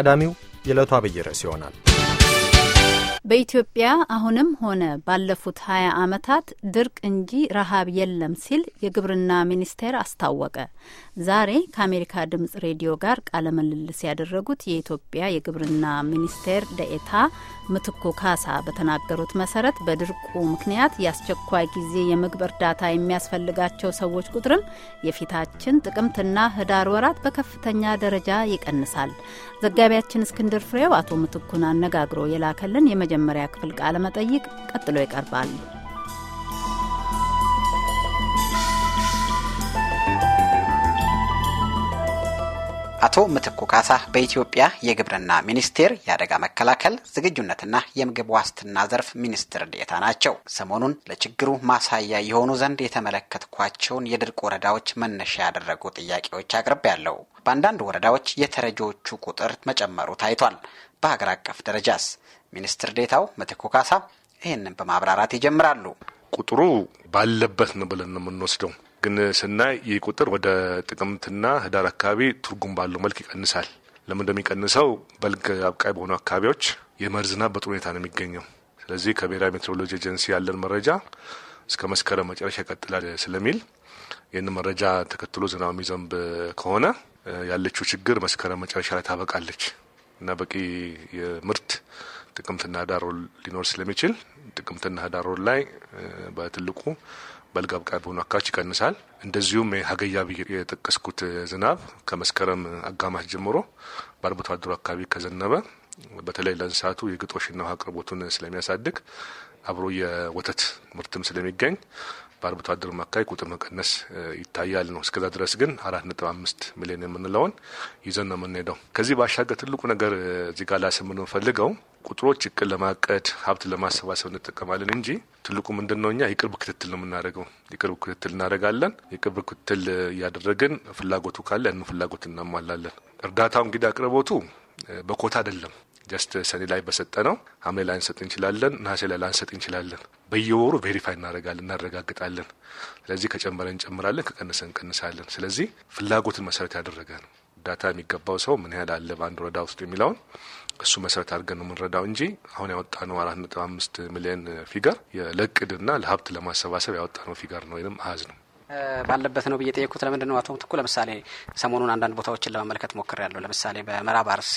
ቀዳሚው የዕለቱ አብይ ርዕስ ይሆናል። በኢትዮጵያ አሁንም ሆነ ባለፉት 20 ዓመታት ድርቅ እንጂ ረሀብ የለም ሲል የግብርና ሚኒስቴር አስታወቀ። ዛሬ ከአሜሪካ ድምጽ ሬዲዮ ጋር ቃለ ምልልስ ያደረጉት የኢትዮጵያ የግብርና ሚኒስቴር ደኤታ ምትኩ ካሳ በተናገሩት መሰረት በድርቁ ምክንያት የአስቸኳይ ጊዜ የምግብ እርዳታ የሚያስፈልጋቸው ሰዎች ቁጥርም የፊታችን ጥቅምትና ህዳር ወራት በከፍተኛ ደረጃ ይቀንሳል። ዘጋቢያችን እስክንድር ፍሬው አቶ ምትኩን አነጋግሮ የላከልን የመጀመሪያ ክፍል ቃለ መጠይቅ ቀጥሎ ይቀርባል። አቶ ምትኩ ካሳ በኢትዮጵያ የግብርና ሚኒስቴር የአደጋ መከላከል ዝግጁነትና የምግብ ዋስትና ዘርፍ ሚኒስትር ዴታ ናቸው። ሰሞኑን ለችግሩ ማሳያ የሆኑ ዘንድ የተመለከትኳቸውን የድርቅ ወረዳዎች መነሻ ያደረጉ ጥያቄዎች አቅርብ ያለው። በአንዳንድ ወረዳዎች የተረጂዎቹ ቁጥር መጨመሩ ታይቷል። በሀገር አቀፍ ደረጃስ? ሚኒስትር ዴታው ምትኩ ካሳ ይህንን በማብራራት ይጀምራሉ። ቁጥሩ ባለበት ነው ብለን የምንወስደው ግን ስናይ ይህ ቁጥር ወደ ጥቅምትና ህዳር አካባቢ ትርጉም ባለው መልክ ይቀንሳል። ለምን እንደሚቀንሰው በልግ አብቃይ በሆኑ አካባቢዎች የመኸር ዝናብ በጥሩ ሁኔታ ነው የሚገኘው። ስለዚህ ከብሔራዊ ሜትሮሎጂ ኤጀንሲ ያለን መረጃ እስከ መስከረም መጨረሻ ይቀጥላል ስለሚል ይህን መረጃ ተከትሎ ዝናብ የሚዘንብ ከሆነ ያለችው ችግር መስከረም መጨረሻ ላይ ታበቃለች እና በቂ የምርት ጥቅምትና ህዳር ሊኖር ስለሚችል ጥቅምትና ህዳር ላይ በትልቁ በልግ አብቃቢ በሆኑ አካባቢዎች ይቀንሳል። እንደዚሁም ሀገያ ብዬ የጠቀስኩት ዝናብ ከመስከረም አጋማሽ ጀምሮ በአርብቶ አደሩ አካባቢ ከዘነበ በተለይ ለእንስሳቱ የግጦሽና ውሃ አቅርቦቱን ስለሚያሳድግ አብሮ የወተት ምርትም ስለሚገኝ በአርብቶ አደሩ አካባቢ ቁጥር መቀነስ ይታያል ነው። እስከዛ ድረስ ግን አራት ነጥብ አምስት ሚሊዮን የምንለውን ይዘን ነው የምንሄደው። ከዚህ ባሻገር ትልቁ ነገር እዚህ ጋር ላስ የምንፈልገው ቁጥሮች እቅድ ለማቀድ ሀብት ለማሰባሰብ እንጠቀማለን እንጂ ትልቁ ምንድን ነው፣ እኛ የቅርብ ክትትል ነው የምናደርገው። የቅርብ ክትትል እናደርጋለን። የቅርብ ክትትል እያደረግን ፍላጎቱ ካለ ያንን ፍላጎት እናሟላለን። እርዳታው እንግዲህ አቅርቦቱ በኮታ አይደለም። ጀስት ሰኔ ላይ በሰጠ ነው ሐምሌ ላይ እንሰጥ እንችላለን፣ ነሐሴ ላይ ላንሰጥ እንችላለን። በየወሩ ቬሪፋይ እናደርጋለን፣ እናረጋግጣለን። ስለዚህ ከጨመረን እንጨምራለን፣ ከቀነሰ እንቀንሳለን። ስለዚህ ፍላጎትን መሰረት ያደረገ ነው። እርዳታ የሚገባው ሰው ምን ያህል አለ በአንድ ወረዳ ውስጥ የሚለውን እሱ መሰረት አድርገን ነው የምንረዳው እንጂ አሁን ያወጣ ነው አራት ነጥብ አምስት ሚሊዮን ፊገር ለእቅድና ለሀብት ለማሰባሰብ ያወጣ ነው ፊገር ነው ወይም አሀዝ ነው። ባለበት ነው ብዬ ጠየቅኩት። ለምንድን ነው አቶ ምትኩ ለምሳሌ ሰሞኑን አንዳንድ ቦታዎችን ለመመልከት ያለው ለምሳሌ በምዕራብ አርሲ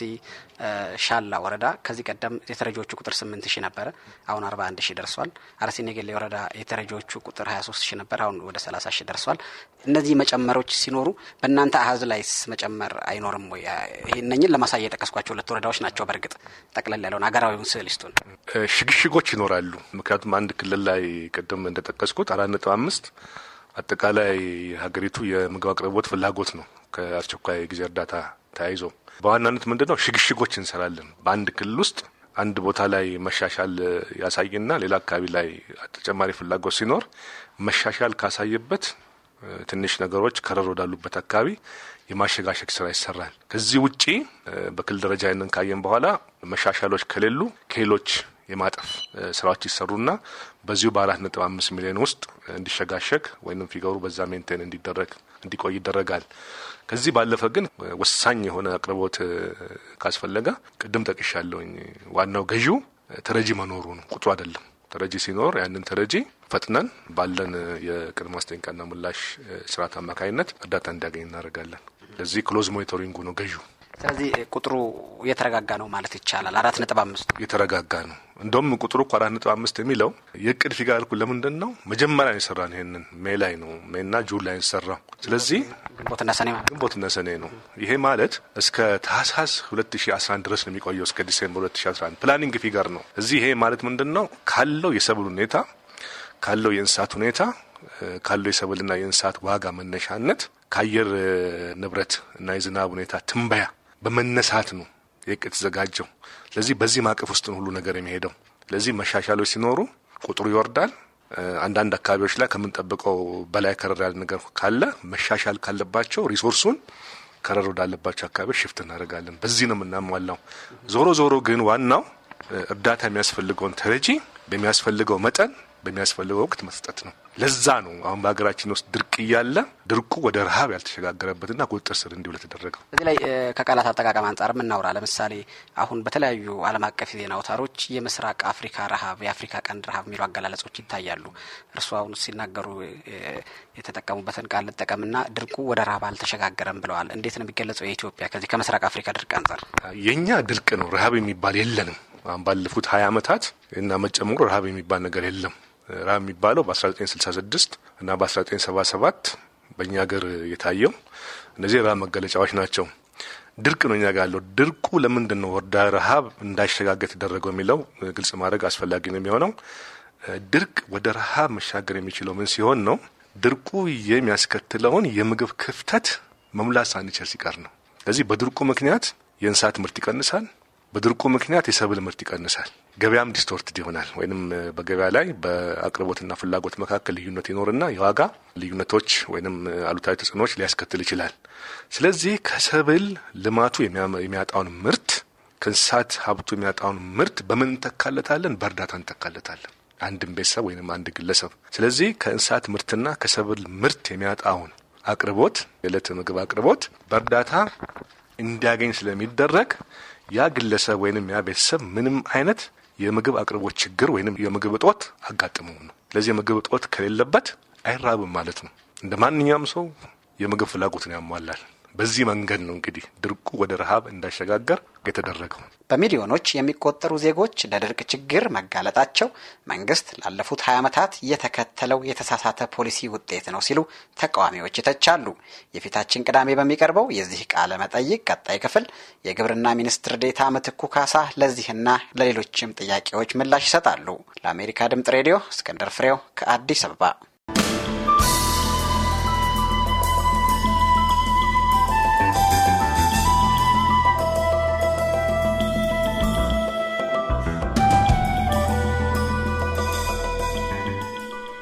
ሻላ ወረዳ ከዚህ ቀደም የተረጂዎቹ ቁጥር ስምንት ሺህ ነበረ፣ አሁን አርባ አንድ ሺህ ደርሷል። አርሲ ኔጌሌ ወረዳ የተረጂዎቹ ቁጥር ሀያ ሶስት ሺህ ነበር፣ አሁን ወደ ሰላሳ ሺህ ደርሷል። እነዚህ መጨመሮች ሲኖሩ በእናንተ አህዝ ላይስ መጨመር አይኖርም ወይ? ይህነኝን ለማሳየ የጠቀስኳቸው ሁለት ወረዳዎች ናቸው። በእርግጥ ጠቅለል ያለውን አገራዊውን ስዕል ይስጡን። ሽግሽጎች ይኖራሉ። ምክንያቱም አንድ ክልል ላይ ቅድም እንደጠቀስኩት አራት ነጥብ አምስት አጠቃላይ ሀገሪቱ የምግብ አቅርቦት ፍላጎት ነው። ከአስቸኳይ ጊዜ እርዳታ ተያይዞ በዋናነት ምንድን ነው ሽግሽጎች እንሰራለን። በአንድ ክልል ውስጥ አንድ ቦታ ላይ መሻሻል ያሳይና ሌላ አካባቢ ላይ ተጨማሪ ፍላጎት ሲኖር መሻሻል ካሳየበት ትንሽ ነገሮች ከረር ወዳሉበት አካባቢ የማሸጋሸግ ስራ ይሰራል። ከዚህ ውጪ በክልል ደረጃ ይንን ካየን በኋላ መሻሻሎች ከሌሉ ከሌሎች የማጠፍ ስራዎች ይሰሩና በዚሁ በአራት ነጥብ አምስት ሚሊዮን ውስጥ እንዲሸጋሸግ ወይም ፊገሩ በዛ ሜንቴን እንዲደረግ እንዲቆይ ይደረጋል። ከዚህ ባለፈ ግን ወሳኝ የሆነ አቅርቦት ካስፈለገ ቅድም ጠቅሻለሁኝ። ዋናው ገዢው ተረጂ መኖሩ ነው፣ ቁጥሩ አይደለም። ተረጂ ሲኖር ያንን ተረጂ ፈጥነን ባለን የቅድመ ማስጠንቀቂያና ምላሽ ስርዓት አማካኝነት እርዳታ እንዲያገኝ እናደርጋለን። ለዚህ ክሎዝ ሞኒቶሪንጉ ነው ገዢው ስለዚህ ቁጥሩ የተረጋጋ ነው ማለት ይቻላል። አራት ነጥብ አምስት የተረጋጋ ነው። እንደውም ቁጥሩ እኮ አራት ነጥብ አምስት የሚለው የእቅድ ፊጋ ያልኩ ለምንድን ነው መጀመሪያ ነው? ይህንን ሜ ላይ ነው ሜና ጁን ላይ የተሰራ ስለዚህ ግንቦትና ሰኔ ነው። ይሄ ማለት እስከ ታህሳስ 2011 ድረስ ነው የሚቆየው እስከ ዲሴምበር 2011 ፕላኒንግ ፊገር ነው። እዚህ ይሄ ማለት ምንድን ነው ካለው የሰብል ሁኔታ ካለው የእንስሳት ሁኔታ ካለው የሰብልና የእንስሳት ዋጋ መነሻነት ከአየር ንብረት እና የዝናብ ሁኔታ ትንበያ በመነሳት ነው የቅ የተዘጋጀው። ስለዚህ በዚህ ማዕቀፍ ውስጥ ነው ሁሉ ነገር የሚሄደው። ስለዚህ መሻሻሎች ሲኖሩ ቁጥሩ ይወርዳል። አንዳንድ አካባቢዎች ላይ ከምንጠብቀው በላይ ከረር ያለ ነገር ካለ መሻሻል ካለባቸው ሪሶርሱን ከረር ወዳለባቸው አካባቢዎች ሽፍት እናደርጋለን። በዚህ ነው የምናሟላው። ዞሮ ዞሮ ግን ዋናው እርዳታ የሚያስፈልገውን ተረጂ በሚያስፈልገው መጠን በሚያስፈልገው ወቅት መስጠት ነው። ለዛ ነው አሁን በሀገራችን ውስጥ ድርቅ እያለ ድርቁ ወደ ረሃብ ያልተሸጋገረበትና ቁጥጥር ስር እንዲውል የተደረገው። በዚህ ላይ ከቃላት አጠቃቀም አንጻር የምናውራ ለምሳሌ አሁን በተለያዩ ዓለም አቀፍ የዜና አውታሮች የምስራቅ አፍሪካ ረሃብ፣ የአፍሪካ ቀንድ ረሃብ የሚሉ አገላለጾች ይታያሉ። እርሱ አሁን ሲናገሩ የተጠቀሙበትን ቃል ልጠቀምና ድርቁ ወደ ረሃብ አልተሸጋገረም ብለዋል። እንዴት ነው የሚገለጸው የኢትዮጵያ ከዚህ ከምስራቅ አፍሪካ ድርቅ አንጻር? የእኛ ድርቅ ነው፣ ረሃብ የሚባል የለንም። አሁን ባለፉት ሀያ ዓመታት እና መጨመሩ ረሃብ የሚባል ነገር የለም። ራ የሚባለው በ1966 እና በ1977 በእኛ ሀገር የታየው እነዚህ የራብ መገለጫዎች ናቸው። ድርቅ ነው እኛ ያለው። ድርቁ ለምንድን ነው ወደ ረሃብ እንዳይሸጋገር የተደረገው የሚለው ግልጽ ማድረግ አስፈላጊ ነው የሚሆነው። ድርቅ ወደ ረሃብ መሻገር የሚችለው ምን ሲሆን ነው? ድርቁ የሚያስከትለውን የምግብ ክፍተት መሙላት ሳንችል ሲቀር ነው። ስለዚህ በድርቁ ምክንያት የእንስሳት ምርት ይቀንሳል። በድርቁ ምክንያት የሰብል ምርት ይቀንሳል። ገበያም ዲስቶርትድ ይሆናል ወይም በገበያ ላይ በአቅርቦትና ፍላጎት መካከል ልዩነት ይኖርና የዋጋ ልዩነቶች ወይም አሉታዊ ተጽዕኖዎች ሊያስከትል ይችላል። ስለዚህ ከሰብል ልማቱ የሚያጣውን ምርት ከእንስሳት ሀብቱ የሚያጣውን ምርት በምን እንተካለታለን? በእርዳታ እንተካለታለን። አንድን ቤተሰብ ወይም አንድ ግለሰብ። ስለዚህ ከእንስሳት ምርትና ከሰብል ምርት የሚያጣውን አቅርቦት የዕለት ምግብ አቅርቦት በእርዳታ እንዲያገኝ ስለሚደረግ ያ ግለሰብ ወይንም ያ ቤተሰብ ምንም አይነት የምግብ አቅርቦት ችግር ወይም የምግብ እጦት አጋጥመው ነው። ለዚህ የምግብ እጦት ከሌለበት አይራብም ማለት ነው። እንደ ማንኛውም ሰው የምግብ ፍላጎትን ያሟላል። በዚህ መንገድ ነው እንግዲህ ድርቁ ወደ ረሃብ እንዳሸጋገር የተደረገው። በሚሊዮኖች የሚቆጠሩ ዜጎች ለድርቅ ችግር መጋለጣቸው መንግስት ላለፉት ሀያ ዓመታት የተከተለው የተሳሳተ ፖሊሲ ውጤት ነው ሲሉ ተቃዋሚዎች ይተቻሉ። የፊታችን ቅዳሜ በሚቀርበው የዚህ ቃለ መጠይቅ ቀጣይ ክፍል የግብርና ሚኒስትር ዴታ ምትኩ ካሳ ለዚህና ለሌሎችም ጥያቄዎች ምላሽ ይሰጣሉ። ለአሜሪካ ድምጽ ሬዲዮ እስክንድር ፍሬው ከአዲስ አበባ